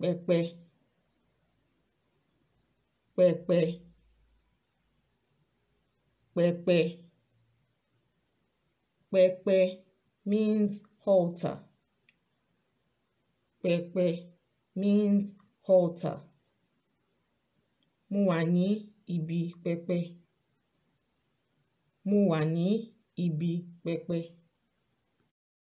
pẹpẹ pẹpẹ pẹpẹ pẹpẹ means halter. pẹpẹ means halter. mo wà ní ibi pẹpẹ mo wà ní ibi pẹpẹ.